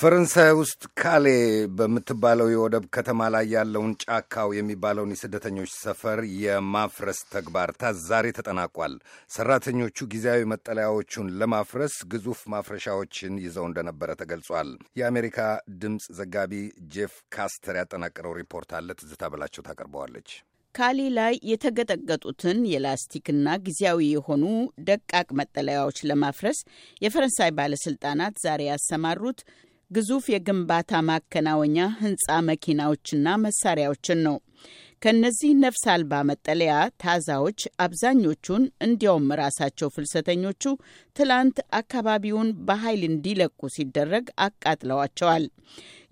ፈረንሳይ ውስጥ ካሌ በምትባለው የወደብ ከተማ ላይ ያለውን ጫካው የሚባለውን የስደተኞች ሰፈር የማፍረስ ተግባር ታዛሪ ተጠናቋል። ሰራተኞቹ ጊዜያዊ መጠለያዎቹን ለማፍረስ ግዙፍ ማፍረሻዎችን ይዘው እንደነበረ ተገልጿል። የአሜሪካ ድምፅ ዘጋቢ ጄፍ ካስተር ያጠናቀረው ሪፖርት አለ። ትዝታ በላቸው ታቀርበዋለች። ካሊ ላይ የተገጠገጡትን የላስቲክና ጊዜያዊ የሆኑ ደቃቅ መጠለያዎች ለማፍረስ የፈረንሳይ ባለስልጣናት ዛሬ ያሰማሩት ግዙፍ የግንባታ ማከናወኛ ህንፃ መኪናዎችና መሳሪያዎችን ነው። ከእነዚህ ነፍስ አልባ መጠለያ ታዛዎች አብዛኞቹን እንዲያውም ራሳቸው ፍልሰተኞቹ ትላንት አካባቢውን በኃይል እንዲለቁ ሲደረግ አቃጥለዋቸዋል።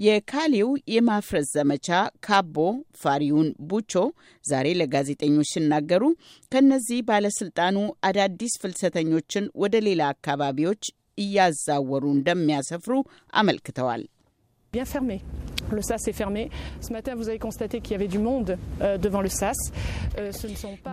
የካሌው የማፍረስ ዘመቻ ካቦ ፋሪውን ቡቾ ዛሬ ለጋዜጠኞች ሲናገሩ ከእነዚህ ባለስልጣኑ አዳዲስ ፍልሰተኞችን ወደ ሌላ አካባቢዎች እያዛወሩ እንደሚያሰፍሩ አመልክተዋል። Le SAS est fermé. Ce matin, vous avez constaté qu'il y avait du monde euh, devant le SAS. Euh,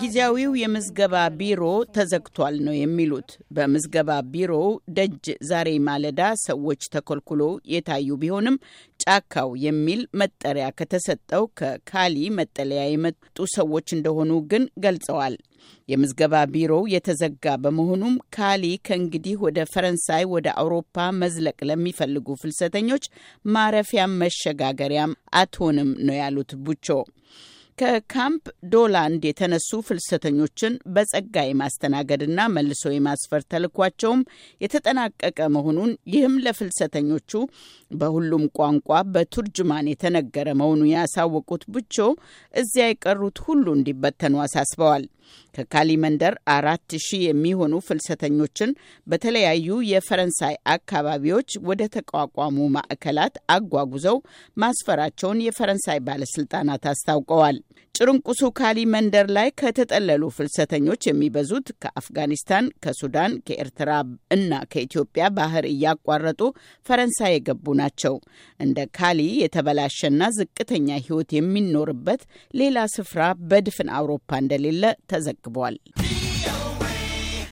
ጊዜያዊው የምዝገባ ቢሮ ተዘግቷል ነው የሚሉት። በምዝገባ ቢሮው ደጅ ዛሬ ማለዳ ሰዎች ተኮልኩሎ የታዩ ቢሆንም ጫካው የሚል መጠሪያ ከተሰጠው ከካሊ መጠለያ የመጡ ሰዎች እንደሆኑ ግን ገልጸዋል። የምዝገባ ቢሮው የተዘጋ በመሆኑም ካሊ ከእንግዲህ ወደ ፈረንሳይ፣ ወደ አውሮፓ መዝለቅ ለሚፈልጉ ፍልሰተኞች ማረፊያም መሸጋገሪያም አትሆንም ነው ያሉት ቡቾ። ከካምፕ ዶላንድ የተነሱ ፍልሰተኞችን በጸጋ የማስተናገድና መልሶ የማስፈር ተልኳቸውም የተጠናቀቀ መሆኑን ይህም ለፍልሰተኞቹ በሁሉም ቋንቋ በቱርጅማን የተነገረ መሆኑን ያሳወቁት ብቾ እዚያ የቀሩት ሁሉ እንዲበተኑ አሳስበዋል። ከካሊመንደር አራት ሺህ የሚሆኑ ፍልሰተኞችን በተለያዩ የፈረንሳይ አካባቢዎች ወደ ተቋቋሙ ማዕከላት አጓጉዘው ማስፈራቸውን የፈረንሳይ ባለስልጣናት አስታውቀዋል። ጭርንቁሱ ካሊ መንደር ላይ ከተጠለሉ ፍልሰተኞች የሚበዙት ከአፍጋኒስታን፣ ከሱዳን፣ ከኤርትራ እና ከኢትዮጵያ ባህር እያቋረጡ ፈረንሳይ የገቡ ናቸው። እንደ ካሊ የተበላሸና ዝቅተኛ ሕይወት የሚኖርበት ሌላ ስፍራ በድፍን አውሮፓ እንደሌለ ተዘግቧል።